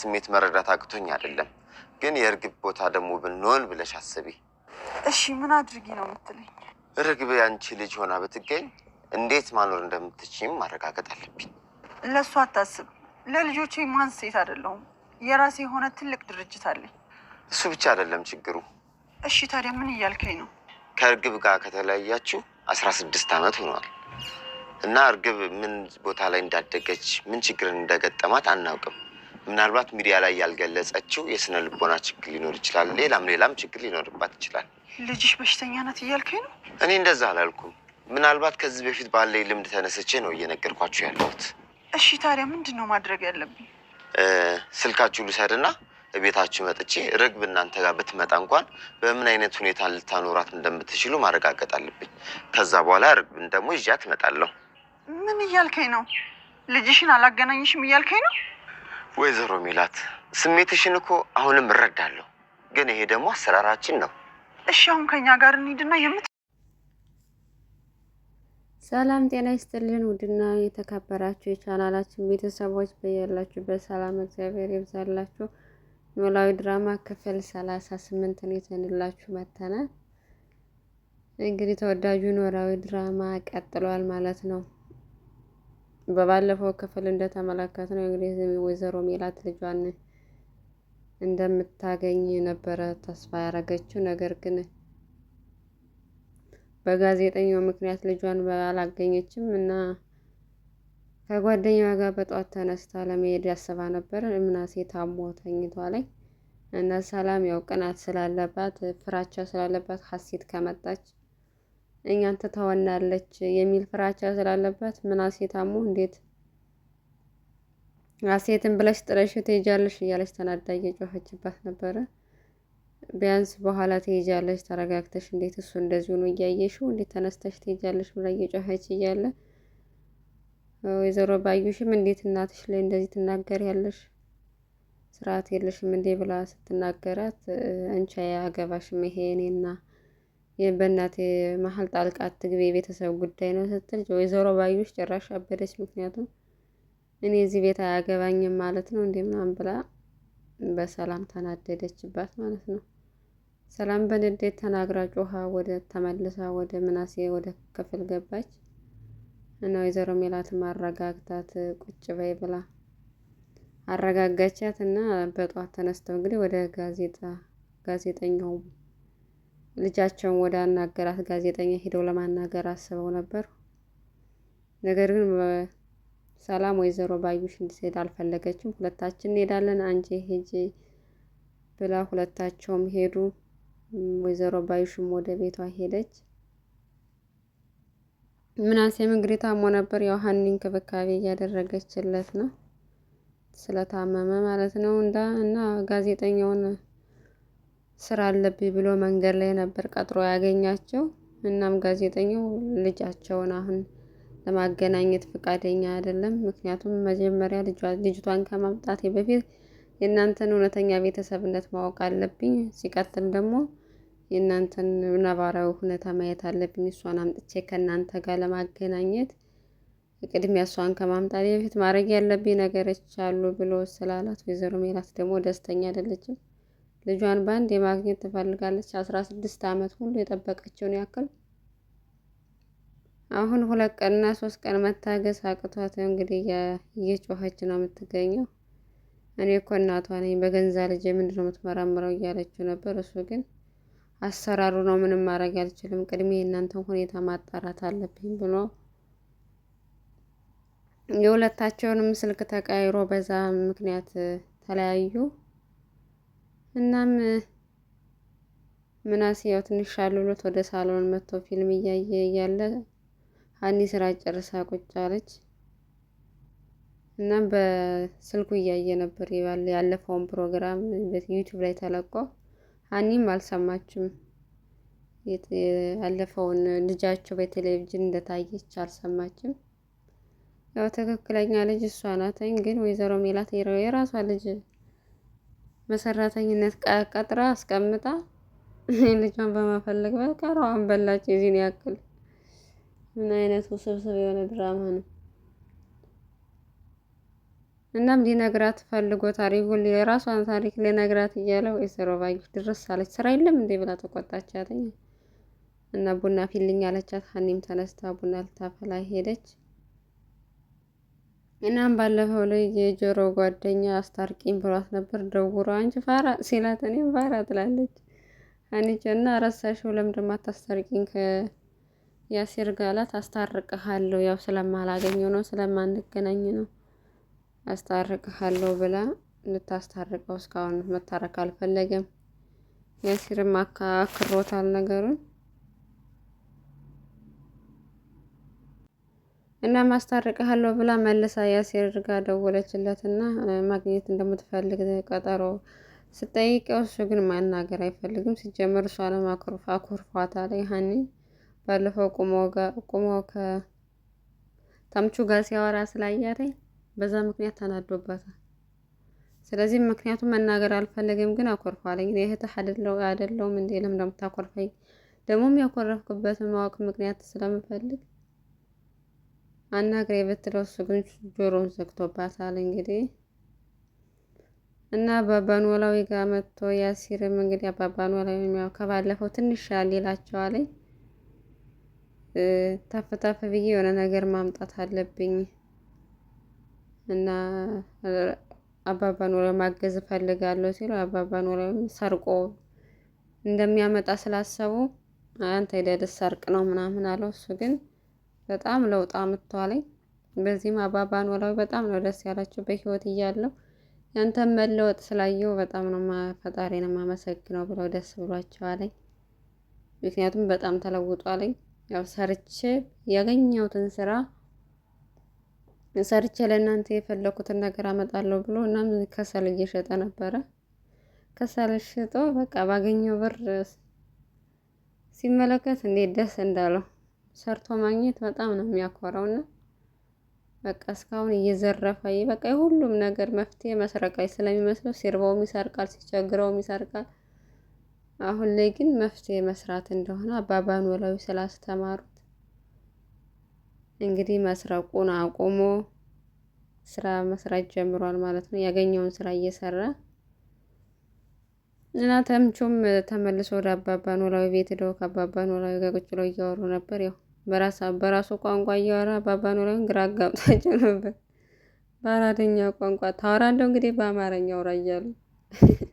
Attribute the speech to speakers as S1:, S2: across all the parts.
S1: ስሜት መረዳት አቅቶኝ አይደለም፣ ግን የእርግብ ቦታ ደግሞ ብንሆን ብለሽ አስቢ።
S2: እሺ ምን አድርጊ ነው የምትለኝ?
S1: እርግብ ያንቺ ልጅ ሆና ብትገኝ እንዴት ማኖር እንደምትችይም ማረጋገጥ አለብኝ።
S2: ለእሱ አታስብ። ለልጆቼ ማን ሴት አይደለሁም። የራሴ የሆነ ትልቅ ድርጅት አለኝ።
S1: እሱ ብቻ አይደለም ችግሩ።
S2: እሺ ታዲያ ምን እያልከኝ ነው?
S1: ከእርግብ ጋር ከተለያያችሁ አስራ ስድስት ዓመት ሆኗል እና እርግብ ምን ቦታ ላይ እንዳደገች ምን ችግርን እንደገጠማት አናውቅም። ምናልባት ሚዲያ ላይ ያልገለጸችው የስነ ልቦና ችግር ሊኖር ይችላል። ሌላም ሌላም ችግር ሊኖርባት ይችላል።
S2: ልጅሽ በሽተኛ ናት እያልከኝ ነው?
S1: እኔ እንደዛ አላልኩም። ምናልባት ከዚህ በፊት ባለኝ ልምድ ተነስቼ ነው እየነገርኳችሁ ያለሁት።
S2: እሺ፣ ታዲያ ምንድን ነው ማድረግ ያለብኝ?
S1: ስልካችሁ ልውሰድና ቤታችሁ መጥቼ ርግብ እናንተ ጋር ብትመጣ እንኳን በምን አይነት ሁኔታ ልታኖራት እንደምትችሉ ማረጋገጥ አለብኝ። ከዛ በኋላ ርግብን ደግሞ ይዣት እመጣለሁ።
S2: ምን እያልከኝ ነው? ልጅሽን አላገናኝሽም እያልከኝ ነው?
S1: ወይዘሮ ሚላት ስሜትሽን እኮ አሁንም እረዳለሁ፣ ግን ይሄ ደግሞ አሰራራችን ነው።
S2: እሺ አሁን ከኛ ጋር እንሂድና የምት
S3: ሰላም ጤና ይስጥልን። ውድና የተከበራችሁ የቻናላችን ቤተሰቦች በያላችሁበት ሰላም እግዚአብሔር ይብዛላችሁ። ኖላዊ ድራማ ክፍል ሰላሳ ስምንትን ይዘንላችሁ መተነ እንግዲህ ተወዳጁ ኖላዊ ድራማ ቀጥሏል ማለት ነው። በባለፈው ክፍል እንደተመለከት ነው እንግዲህ ወይዘሮ ሜላት ልጇን እንደምታገኝ ነበረ ተስፋ ያደረገችው። ነገር ግን በጋዜጠኛው ምክንያት ልጇን አላገኘችም እና ከጓደኛዋ ጋር በጠዋት ተነስታ ለመሄድ ያስባ ነበር። ምናሴ ታሞ ተኝቷ ላይ እና ሰላም ያው ቅናት ስላለባት ፍራቻ ስላለባት ሀሴት ከመጣች እኛን ትተወናለች የሚል ፍራቻ ስላለባት ምን አሴታሙ እንዴት አሴትን ብለሽ ጥለሽው ትሄጃለሽ እያለች ተናዳ እየጮኸችባት ነበረ። ቢያንስ በኋላ ትሄጃለሽ ተረጋግተሽ፣ እንዴት እሱ እንደዚሁ ነው እያየሽው፣ እንዴት ተነስተሽ ትሄጃለሽ ብላ እየጮኸች እያለ ወይዘሮ ባዩሽም እንዴት እናትሽ ላይ እንደዚህ ትናገር ያለሽ ስርዓት የለሽም እንዴ ብላ ስትናገራት፣ አንቺ አያገባሽም ይሄ እኔና በእናቴ መሀል ጣልቃ አትግቢ የቤተሰብ ጉዳይ ነው ስትል ወይዘሮ ባዩሽ ጭራሽ አበደች። ምክንያቱም እኔ እዚህ ቤት አያገባኝም ማለት ነው እንዴ ምናምን ብላ በሰላም ተናደደችባት ማለት ነው። ሰላም በንዴት ተናግራ ጮኋ ወደ ተመልሳ ወደ ምናሴ ወደ ክፍል ገባች እና ወይዘሮ ሜላትም አረጋግታት ቁጭ በይ ብላ አረጋጋቻት እና በጠዋት ተነስተው እንግዲህ ወደ ጋዜጣ ጋዜጠኛው ልጃቸውን ወደ አናገራት ጋዜጠኛ ሄደው ለማናገር አስበው ነበር። ነገር ግን ሰላም ወይዘሮ ባዩሽ እንድትሄድ አልፈለገችም። ሁለታችን እንሄዳለን አንቺ ሄጂ ብላ ሁለታቸውም ሄዱ። ወይዘሮ ባዩሽም ወደ ቤቷ ሄደች። ምናሴም እንግዲህ ታሞ ነበር። ያው ሀኒ እንክብካቤ እያደረገችለት ነው ስለታመመ ማለት ነው። እንዳ እና ጋዜጠኛውን ስራ አለብኝ ብሎ መንገድ ላይ ነበር ቀጥሮ ያገኛቸው። እናም ጋዜጠኛው ልጃቸውን አሁን ለማገናኘት ፈቃደኛ አይደለም። ምክንያቱም መጀመሪያ ልጅቷን ከማምጣቴ በፊት የእናንተን እውነተኛ ቤተሰብነት ማወቅ አለብኝ። ሲቀጥል ደግሞ የእናንተን ነባራዊ ሁኔታ ማየት አለብኝ። እሷን አምጥቼ ከእናንተ ጋር ለማገናኘት ቅድሚያ እሷን ከማምጣቴ በፊት ማድረግ ያለብኝ ነገሮች አሉ ብሎ ስላላት ወይዘሮ ሜላት ደግሞ ደስተኛ አይደለችም። ልጇን በአንድ የማግኘት ትፈልጋለች። አስራ ስድስት ዓመት ሁሉ የጠበቀችውን ያክል አሁን ሁለት ቀንና ሶስት ቀን መታገስ አቅቷት እንግዲህ እየጮኸች ነው የምትገኘው። እኔ እኮ እናቷ ነኝ በገንዛ ልጅ ምንድን ነው እያለችው ነበር። እሱ ግን አሰራሩ ነው ምንም ማድረግ አልችልም፣ ቅድሜ የእናንተን ሁኔታ ማጣራት አለብኝ ብሎ የሁለታቸውንም ስልክ ተቀያይሮ በዛ ምክንያት ተለያዩ። እናም ምናሴ ያው ትንሽ አልብሎት ወደ ሳሎን መጥቶ ፊልም እያየ እያለ ሀኒ ስራ ጨርሳ ቁጭ አለች። እናም በስልኩ እያየ ነበር ያለፈውን ፕሮግራም ዩቲዩብ ላይ ተለቆ ሀኒም አልሰማችም። ያለፈውን ልጃቸው በቴሌቪዥን እንደታየች አልሰማችም። ያው ትክክለኛ ልጅ እሷ ናት፣ ግን ወይዘሮ ሜላት የራሷ ልጅ በሰራተኝነት ቀጥራ አስቀምጣ ልጇን በማፈለግ በቀረዋን በላች። የዚህን ያክል ምን አይነት ውስብስብ የሆነ ድራማ ነው። እናም ሊነግራት ፈልጎ ታሪኩን የራሷን ታሪክ ሊነግራት እያለ ወይዘሮ ባዩሽ ድረስ አለች። ስራ የለም እንዴ ብላ ተቆጣች አለኝ እና ቡና ፊልኝ አለቻት። ሀኒም ተነስታ ቡና ልታፈላ ሄደች። እናም ባለፈው ላይ የጆሮ ጓደኛ አስታርቂኝ ብሏት ነበር ደውሮ አንቺ ፋራ ሲላት እኔም ፋራ ትላለች። አንቺ እና ረሳሽው ለምንድን ማታስታርቂኝ ከያሲር ጋር አላት። አስታርቅሃለሁ ያው ስለማላገኘው ነው ስለማንገናኝ ነው አስታርቅሃለሁ ብላ ልታስታርቀው እስካሁን መታረቅ አልፈለገም። ያሲርም አክሮታል ነገሩን። እና ማስታርቅሃለሁ ብላ መልሳ ያሴር ጋር ደወለችለት እና ማግኘት እንደምትፈልግ ቀጠሮ ስጠይቀው እሱ ግን ማናገር አይፈልግም። ሲጀመር እሷ ለማኩርፍ አኩርፏታ ላይ ሀኒ ባለፈው ቁሞ ከተምቹ ጋር ሲያወራ ስላያለኝ በዛ ምክንያት ተናዶባታል። ስለዚህ ምክንያቱ መናገር አልፈልግም ግን አኮርፏለኝ። የእህትህ አደለው አደለውም እንዴ ለምን እንደምታኮርፈኝ? ደግሞም ያኮረፍክበትን ማወቅ ምክንያት ስለምፈልግ አናግሬ ብትለው እሱ ግን ጆሮን ዘግቶባታል። እንግዲህ እና አባባ ኖላዊ ጋር መጥቶ ያሲርም እንግዲህ አባባ ኖላዊ ያው ከባለፈው ትንሽ ያል ይላቸዋል። ታፍ ታፍ ብዬ የሆነ ነገር ማምጣት አለብኝ እና አባባ ኖላዊ ማገዝ እፈልጋለሁ ሲሉ አባባ ኖላዊም ሰርቆ እንደሚያመጣ ስላሰቡ አንተ ሂደህ ሰርቅ ነው ምናምን አለው እሱ ግን በጣም ለውጥ አምጥቷለኝ። በዚህም አበባ ኖላዊ በጣም ነው ደስ ያላቸው በህይወት እያለው ያንተን መለወጥ ስላየው በጣም ነው ፈጣሪን የማመሰግነው ብለው ደስ ብሏቸዋለኝ። ምክንያቱም በጣም ተለውጧለኝ። ያው ሰርቼ ያገኘሁትን ስራ ሰርቼ ለእናንተ የፈለኩትን ነገር አመጣለሁ ብሎ እናም ከሰል እየሸጠ ነበረ። ከሰል ሽጦ በቃ ባገኘው ብር ሲመለከት እንዴት ደስ እንዳለው ሰርቶ ማግኘት በጣም ነው የሚያኮራው እና በቃ እስካሁን እየዘረፈ በቃ የሁሉም ነገር መፍትሄ መስረቃዊ ስለሚመስለው ሲርበውም ይሰርቃል፣ ሲቸግረውም ይሰርቃል። አሁን ላይ ግን መፍትሄ መስራት እንደሆነ አባባ ኖላዊ ስላስተማሩት እንግዲህ መስረቁን አቁሞ ስራ መስራት ጀምሯል ማለት ነው። ያገኘውን ስራ እየሰራ እና ተምቹም ተመልሶ ወደ አባባ ኖላዊ ቤት ሄደው ከአባባ ኖላዊ ጋር ቁጭ ብለው እያወሩ ነበር ያው በራሱ ቋንቋ እያወራ አባባ ኖላዊን ግራ አጋብታቸው ነበር። በአራደኛ ቋንቋ ታወራለሁ እንግዲህ በአማርኛ አውራ እያሉ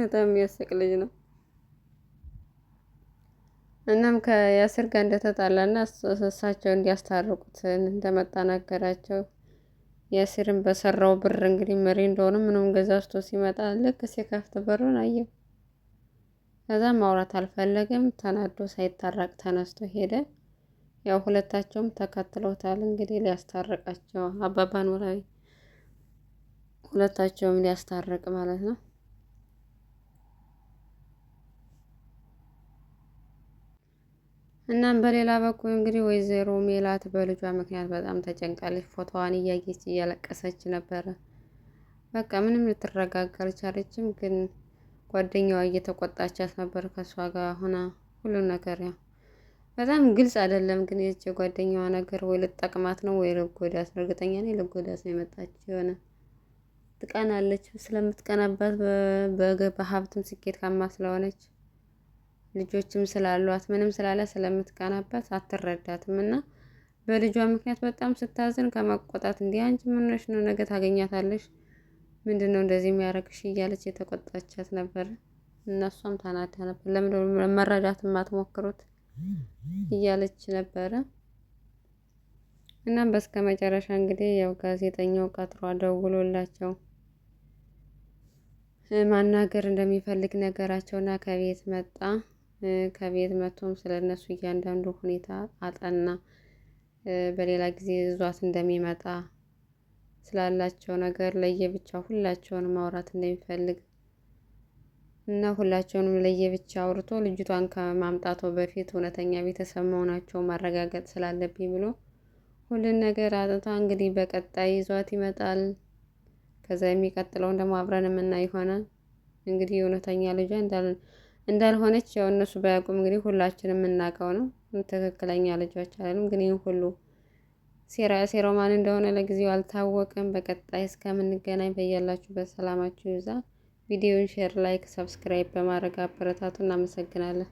S3: በጣም የሚያስቅ ልጅ ነው። እናም ከያስር ጋር እንደተጣላና እሳቸው እንዲያስታርቁት እንደመጣ ነገራቸው። በሰራው ብር እንግዲህ መሪ እንደሆነ ምንም ገዛዝቶ ሲመጣ ልክ ሲከፍት በሩን አየው። ከዛ ማውራት አልፈለገም። ተናዶ ሳይታረቅ ተነስቶ ሄደ። ያው ሁለታቸውም ተከትለውታል። እንግዲህ ሊያስታርቃቸው አባባ ኖላዊ ሁለታቸውም ሊያስታርቅ ማለት ነው። እናም በሌላ በኩል እንግዲህ ወይዘሮ ሜላት በልጇ ምክንያት በጣም ተጨንቃለች። ፎቶዋን እያየች እያለቀሰች ነበረ። በቃ ምንም ልትረጋጋ አልቻለችም። ግን ጓደኛዋ እየተቆጣቻት ነበር ከእሷ ጋር ሆና ሁሉን ነገር ያው በጣም ግልጽ አይደለም። ግን የች ጓደኛዋ ነገር ወይ ልጠቅማት ነው ወይ ልጎዳት ነው። እርግጠኛ ነኝ ልጎዳት ነው የመጣች የሆነ ትቀናለች። ስለምትቀናባት በሀብትም ስኬት ካማ ስለሆነች ልጆችም ስላሏት ምንም ስላለ ስለምትቀናባት አትረዳትም እና በልጇ ምክንያት በጣም ስታዝን ከመቆጣት እንዲህ አንቺ ምንሽ ነው? ነገ ታገኛታለሽ፣ ምንድን ነው እንደዚህ የሚያደርግሽ? እያለች የተቆጣቻት ነበር እነሷም እሷም ታናዳ ነበር። ለምንድን ነው መረዳት የማትሞክሩት? እያለች ነበረ። እናም በስከ መጨረሻ እንግዲህ ያው ጋዜጠኛው ቀጥሮ ደውሎላቸው ማናገር እንደሚፈልግ ነገራቸውና ከቤት መጣ። ከቤት መጥቶም ስለ እነሱ እያንዳንዱ ሁኔታ አጠና። በሌላ ጊዜ እዟት እንደሚመጣ ስላላቸው ነገር ለየብቻ ሁላቸውን ማውራት እንደሚፈልግ እና ሁላቸውንም ለየብቻ አውርቶ ልጅቷን ከማምጣቱ በፊት እውነተኛ ቤተሰብ መሆናቸው ማረጋገጥ ስላለብኝ ብሎ ሁሉን ነገር አጥቷ እንግዲህ በቀጣይ ይዟት ይመጣል። ከዛ የሚቀጥለውን ደግሞ አብረን የምና ይሆናል። እንግዲህ እውነተኛ ልጇ እንዳልሆነች ያው እነሱ ባያውቁም እንግዲህ ሁላችንም የምናውቀው ነው። ትክክለኛ ልጆች አለም ግን ይህን ሁሉ ሴራ ማን እንደሆነ ለጊዜው አልታወቅም በቀጣይ እስከምንገናኝ በያላችሁበት ሰላማችሁ ይዛል። ቪዲዮን ሼር፣ ላይክ፣ ሰብስክራይብ በማድረግ አበረታቱ። እናመሰግናለን።